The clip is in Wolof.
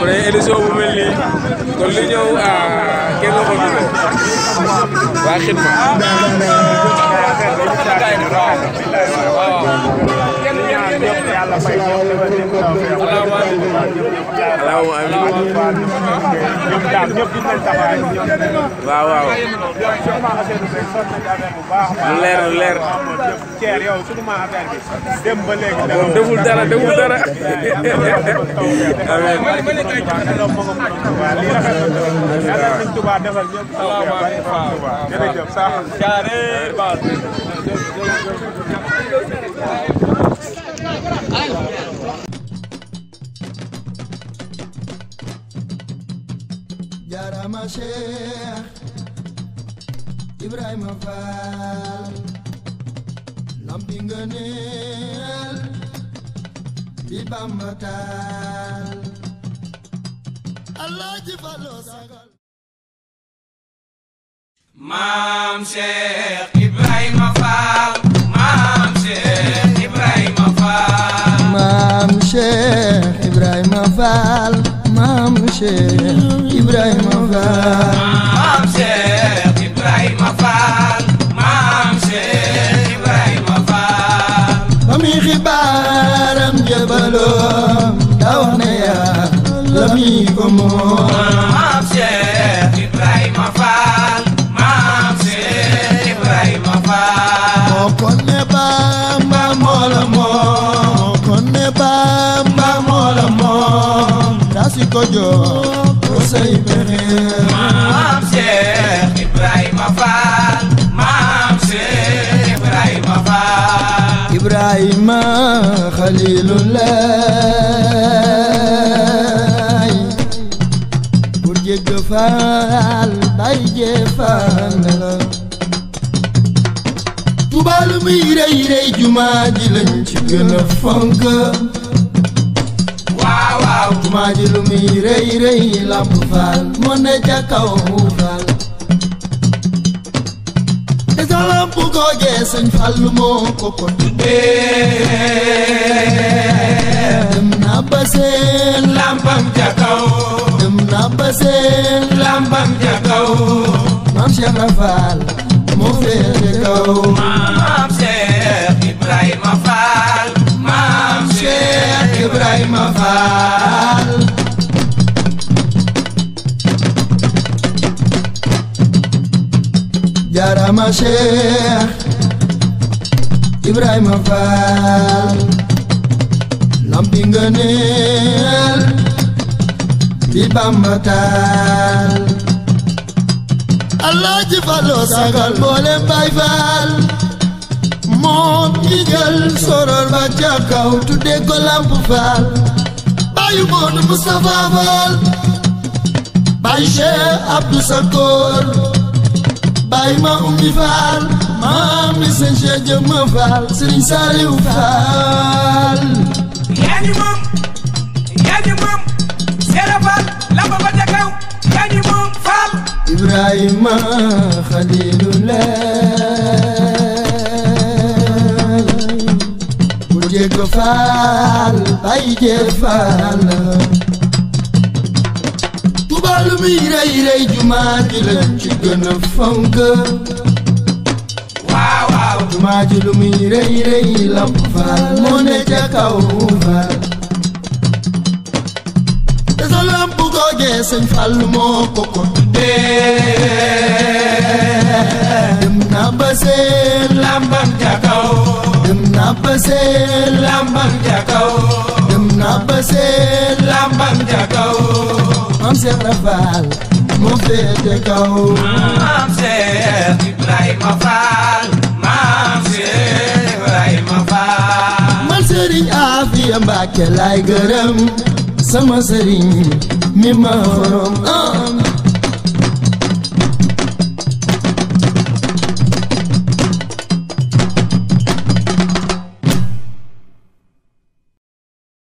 mu ne émission bu mel nii kon li ñëw ah, kenn waxoon ñu ko waa xidma waaw waaw waaw waaw waaw leer leer moom deful dara deful dara amiin waaw jaarama Cheikh Ibrahima Fall lampi ngëneel bi Bamba taal Allah ji faloo sagal maam Cheikh Ibrahima Fall maam Cheikh Ibrahima Fall maam Cheikh Ibrahima Fall maam Cheikh Ibrahima Fall. maam Cheikh Ibrahima Fall. maam Cheikh Ibrahima Fall. ba muy xibaaram jébaloo daa wax ne yaa la muy ko moom. maam Cheikh Ibrahima Fall. maam Cheikh Ibrahima Fall. moo ko ne Bamba moo la moom. moo ko ne Bamba moo la moom. daa si ko jox. say pexe maam Cheikh Ibrahima Fall maam Cheikh Ibrahima Fall Ibrahima Xaliilulaay pour jégg Fall bay jee Fall la Tuubaa lu muy rëy rëy jumaa ji ci gën a fonk waaw waaw jumaa ji lu muy rëy rëy Lamp Fall moo ne ca kaw Fall te sa lamp googee sëñ Fallu moo ko ko tuddee dem na ba seen lampam ca kaw dem na ba seen lampam ca kaw Maam Cheikh Ibra Fall moo féete kaw Ibrahima jarama Cheikh Ibrahima Faal lampi ngëneel bi Bamba taal Allah ji falo sagal moo ndigal sorol ba ca kaw tudde ko lamp faal bàyyu moodu Mustafa Faal bàyyi Cheikh Abdou Sakor bàyyi ma ummi faal maam mi sëñ Cheikh Jëmma Faal sëriñ Saliou Faal yaa ñu moom yaa ñu moom Seera Faal lamp ba ca yaa ñu moom Faal Ibrahima Xaliilullah Ibra Faal Baay Jéer Faal Tuuba lu muy rey rey jumaa ji lañ ci gën a fonk waaw waaw jumaa ji lu muy rey rey Lamp Faal moo ne ca kaw Faal te sa lamp googee sëñ Faal moo ko ko tuddee dem na ba seen lamp dem naa ba seen lambam ja kaw dem naa ba seen lambam ja kaw maam Cheikh la Faal moo féete kaw maam Cheikh Ibrahima Faal maam Cheikh Ibrahima Faal man Serigne Afia Mbacke laay gërëm sama Serigne mi ma xorom